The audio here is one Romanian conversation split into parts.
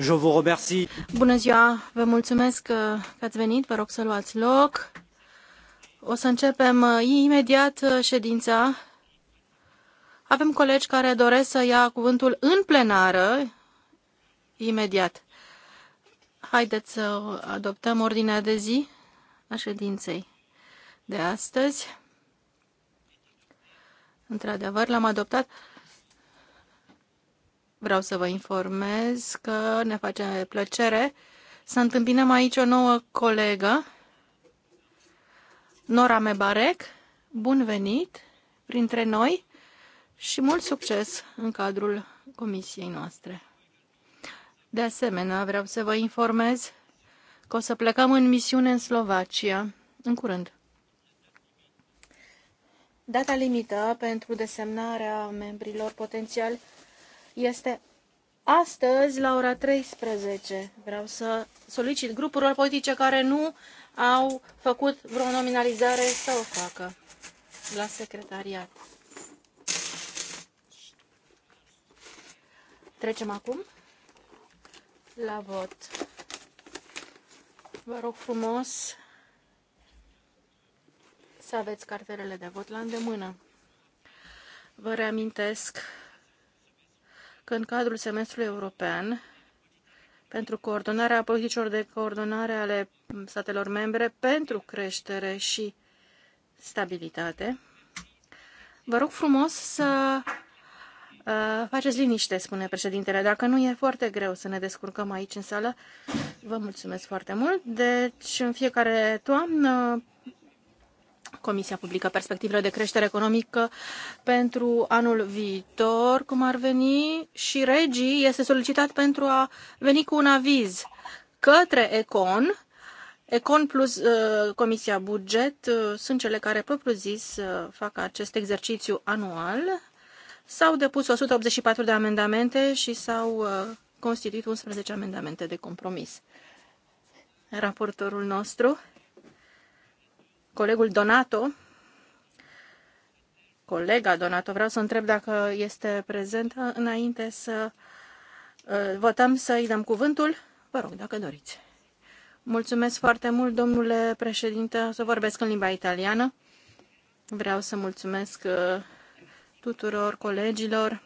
Je vous remercie. Bună ziua, vă mulțumesc că ați venit, vă rog să luați loc. O să începem uh, imediat uh, ședința. Avem colegi care doresc să ia cuvântul în plenară imediat. Haideți să adoptăm ordinea de zi a ședinței de astăzi. Într-adevăr, l-am adoptat vreau să vă informez că ne face plăcere să întâmpinăm aici o nouă colegă, Nora Mebarek. Bun venit printre noi și mult succes în cadrul comisiei noastre. De asemenea, vreau să vă informez că o să plecăm în misiune în Slovacia în curând. Data limită pentru desemnarea membrilor potențiali este astăzi la ora 13. Vreau să solicit grupurilor politice care nu au făcut vreo nominalizare să o facă la secretariat. Trecem acum la vot. Vă rog frumos să aveți cartelele de vot la îndemână. Vă reamintesc că în cadrul semestrului european pentru coordonarea politicilor de coordonare ale statelor membre pentru creștere și stabilitate, vă rog frumos să uh, faceți liniște, spune președintele. Dacă nu e foarte greu să ne descurcăm aici în sală, vă mulțumesc foarte mult. Deci, în fiecare toamnă, Comisia publică perspectivele de creștere economică pentru anul viitor, cum ar veni, și regii este solicitat pentru a veni cu un aviz către Econ. Econ plus uh, Comisia Buget uh, sunt cele care, propriu zis, uh, fac acest exercițiu anual. S-au depus 184 de amendamente și s-au uh, constituit 11 amendamente de compromis. Raportorul nostru colegul Donato, colega Donato, vreau să întreb dacă este prezentă înainte să uh, votăm să-i dăm cuvântul. Vă rog, dacă doriți. Mulțumesc foarte mult, domnule președinte, o să vorbesc în limba italiană. Vreau să mulțumesc uh, tuturor colegilor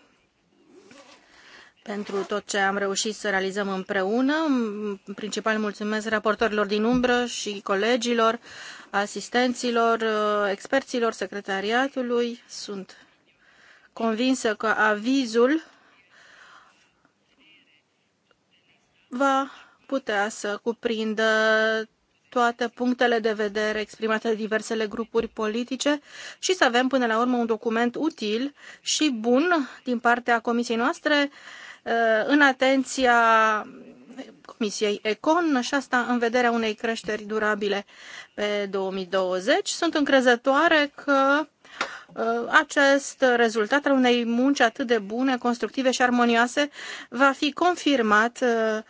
pentru tot ce am reușit să realizăm împreună. În principal mulțumesc raportorilor din umbră și colegilor, asistenților, experților, secretariatului. Sunt convinsă că avizul va putea să cuprindă toate punctele de vedere exprimate de diversele grupuri politice și să avem până la urmă un document util și bun din partea comisiei noastre Uh, în atenția Comisiei Econ și asta în vederea unei creșteri durabile pe 2020. Sunt încrezătoare că uh, acest rezultat al unei munci atât de bune, constructive și armonioase va fi confirmat uh,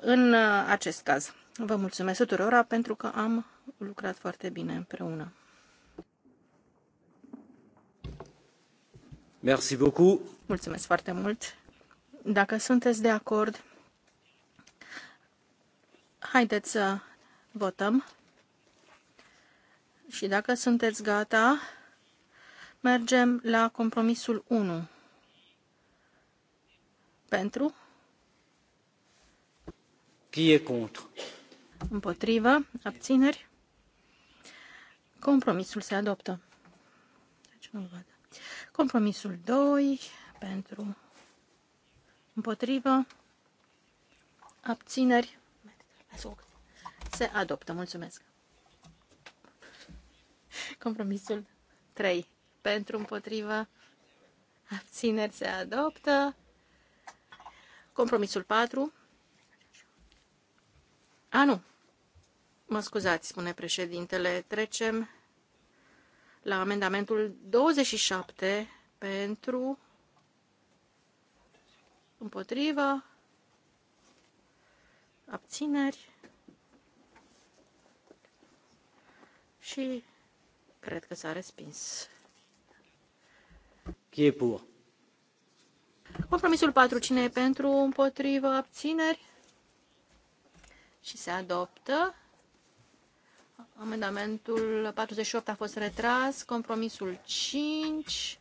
în acest caz. Vă mulțumesc tuturora pentru că am lucrat foarte bine împreună. Mulțumesc foarte mult. Dacă sunteți de acord, haideți să votăm. Și dacă sunteți gata, mergem la compromisul 1. Pentru? Qui est contre? Împotrivă? Abțineri? Compromisul se adoptă. Deci nu văd. Compromisul 2 pentru Împotrivă. Abțineri. Se adoptă. Mulțumesc. Compromisul 3. Pentru împotrivă. Abțineri se adoptă. Compromisul 4. A, nu. Mă scuzați, spune președintele. Trecem la amendamentul 27 pentru Împotrivă. Abțineri. Și cred că s-a respins. Qui est pour? Compromisul 4. Cine e pentru, împotrivă, abțineri? Și se adoptă. Amendamentul 48 a fost retras. Compromisul 5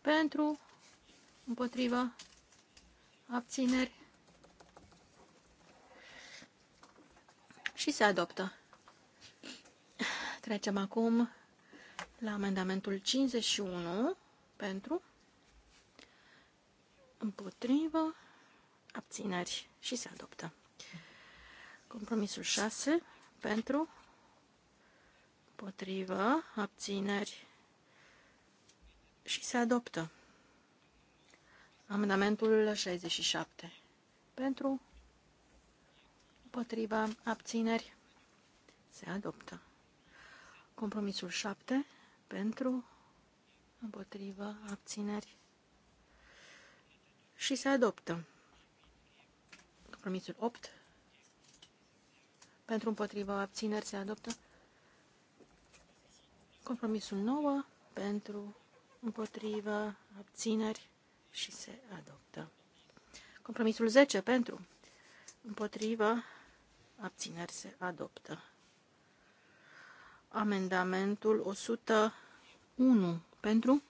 pentru, împotrivă, abțineri și se adoptă. Trecem acum la amendamentul 51 pentru împotrivă abțineri și se adoptă. Compromisul 6 pentru împotrivă abțineri și se adoptă. Amendamentul 67. Pentru, împotriva, abțineri, se adoptă. Compromisul 7. Pentru, împotriva, abțineri și se adoptă. Compromisul 8. Pentru, împotriva, abțineri se adoptă. Compromisul 9. Pentru, împotriva, abțineri și se adoptă. Compromisul 10 pentru, împotrivă, abțineri se adoptă. Amendamentul 101 pentru,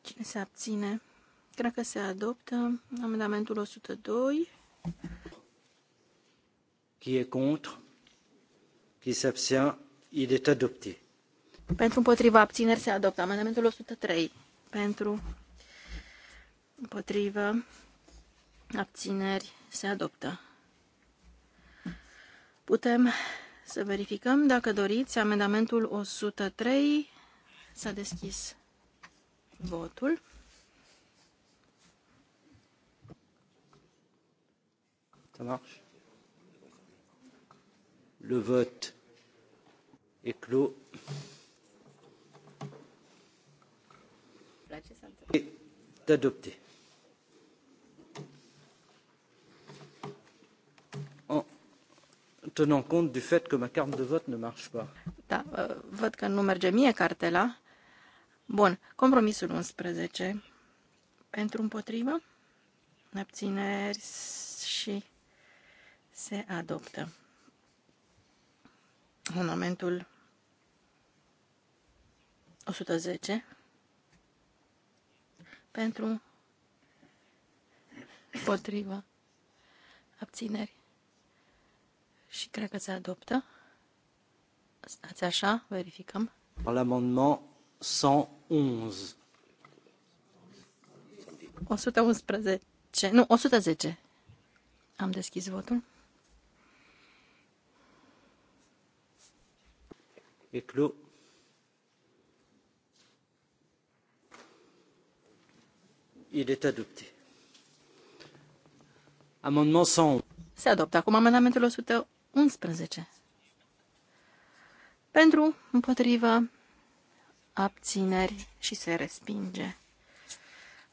cine se abține, cred că se adoptă. Amendamentul 102. Qui est contre? Qui s'abstient? Il est adopté. Pentru împotriva abțineri se adoptă amendamentul 103. Pentru împotriva abțineri se adoptă. Putem să verificăm dacă doriți amendamentul 103. S-a deschis votul. Ça marche Le vote est clos. Dar ce s-a întâmplat? Adopté. Oh, tenant compte du fait que ma carte de vote ne marche pas. Da, văd că nu merge mie cartela. Bun, compromisul 11 pentru împotrivă, abțineri și se adoptă. Ornamentul 110 pentru, împotrivă, abțineri și cred că se adoptă. Stați așa, verificăm. L'amendement 111. 111. Nu, 110. Am deschis votul. Eclos. Il est adopté. Amendement 100. Se adoptă acum amendamentul 111. Pentru, împotrivă, abțineri și se respinge.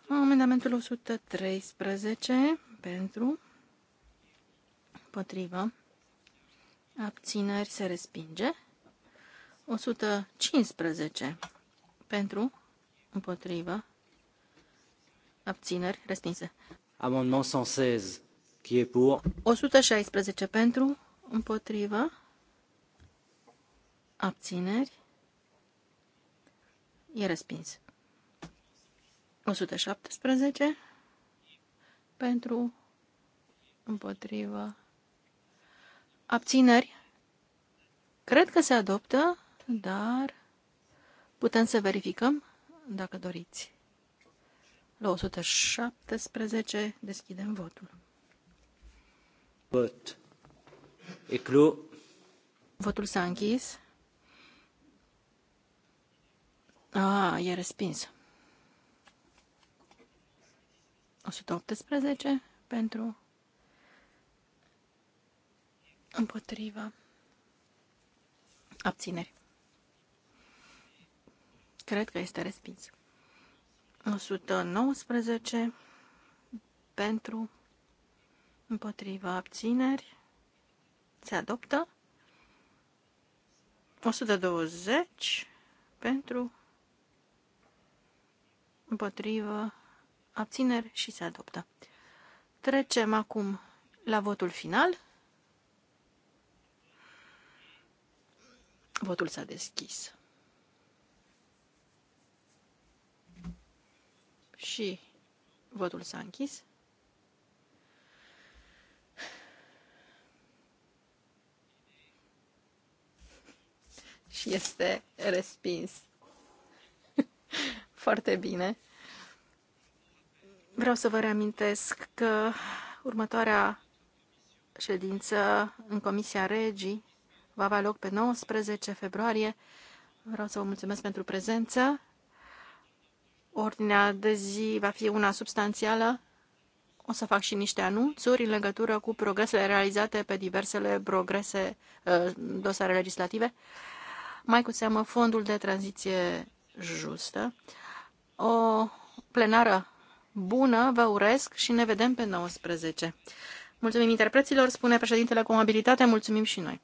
Amendamentul 113 pentru, împotrivă, abțineri se respinge. 115 pentru, împotrivă, abțineri, respinse. Amendement 116, qui est pour? 116 pentru, împotrivă, abțineri, e respins. 117 pentru, împotrivă, abțineri. Cred că se adoptă, dar putem să verificăm dacă doriți. 217. Deschidem votul. Vot. Eclu. Votul s-a închis. A, e respins. 118 pentru împotriva abțineri. Cred că este respins. 119 pentru, împotriva abțineri, se adoptă. 120 pentru, împotrivă, abțineri și se adoptă. Trecem acum la votul final. Votul s-a deschis. și votul s-a închis. Și este respins. Foarte bine. Vreau să vă reamintesc că următoarea ședință în Comisia Regii va avea loc pe 19 februarie. Vreau să vă mulțumesc pentru prezență. Ordinea de zi va fi una substanțială. O să fac și niște anunțuri în legătură cu progresele realizate pe diversele progrese, uh, dosare legislative, mai cu seamă fondul de tranziție justă. O plenară bună vă uresc și ne vedem pe 19. Mulțumim interpreților, spune președintele cu mobilitate, mulțumim și noi.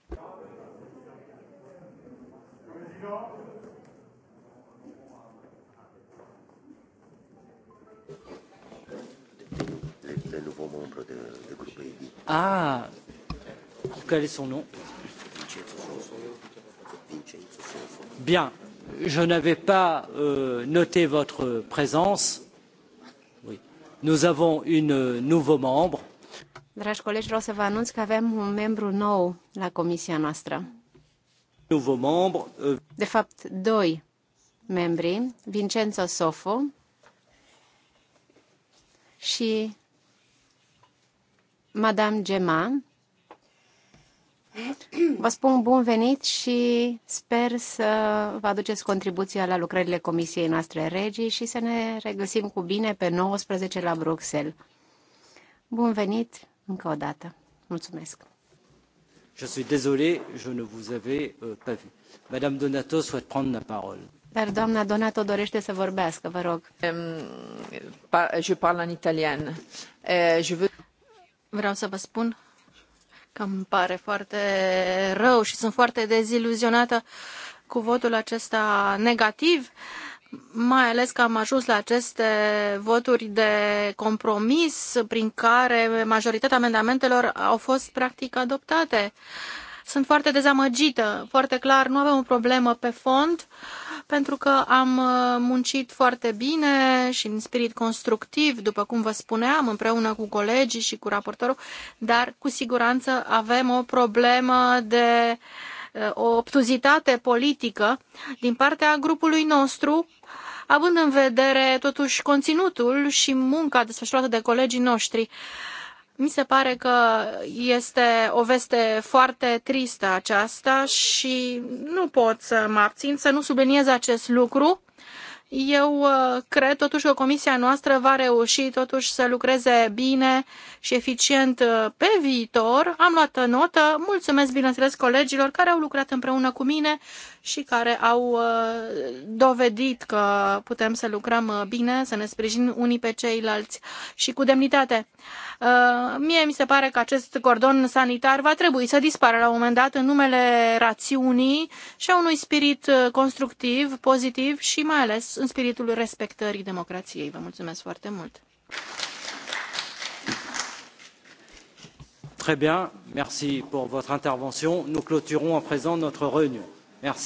le nouveau membre de, de groupe ID. Ah Quel est son nom Bien. Je n'avais pas euh, noté votre présence. Oui. Nous avons une euh, nouveau membre. Dragi colegi, vreau să vă anunț că avem un membru nou la comisia noastră. Nouveau membre. Euh... De fapt, doi membri, Vincenzo Sofo și Madame Gemma, Vă spun bun venit și sper să vă aduceți contribuția la lucrările Comisiei noastre Regii și să ne regăsim cu bine pe 19 la Bruxelles. Bun venit încă o dată. Mulțumesc. Je suis désolé, je ne vous avais euh, pas vu. Madame Donato souhaite prendre la parole. Dar doamna Donato dorește să vorbească, vă rog. je parle en italien. Euh, je veux... Vreau să vă spun că îmi pare foarte rău și sunt foarte deziluzionată cu votul acesta negativ, mai ales că am ajuns la aceste voturi de compromis prin care majoritatea amendamentelor au fost practic adoptate. Sunt foarte dezamăgită, foarte clar, nu avem o problemă pe fond. Uh, pentru că am uh, muncit foarte bine și în spirit constructiv, după cum vă spuneam, împreună cu colegii și cu raportorul, dar cu siguranță avem o problemă de uh, o obtuzitate politică din partea grupului nostru, având în vedere totuși conținutul și munca desfășurată de colegii noștri. Uh, mi se pare că este o veste foarte tristă aceasta și nu pot să mă abțin să nu subliniez acest lucru. Eu uh, cred totuși că comisia noastră va reuși totuși să lucreze bine și eficient uh, pe viitor. Am luat notă. Mulțumesc, bineînțeles, colegilor care au lucrat împreună cu mine și care au uh, dovedit că putem să lucrăm uh, bine, să ne sprijinim unii pe ceilalți și cu demnitate. Uh, mie mi se pare că acest cordon sanitar va trebui să dispară la un moment dat în numele rațiunii și a unui spirit constructiv, pozitiv și mai ales în spiritul respectării democrației. Vă mulțumesc foarte mult! Très bien, merci pour votre intervention. Nous clôturons à présent notre réunion. Merci.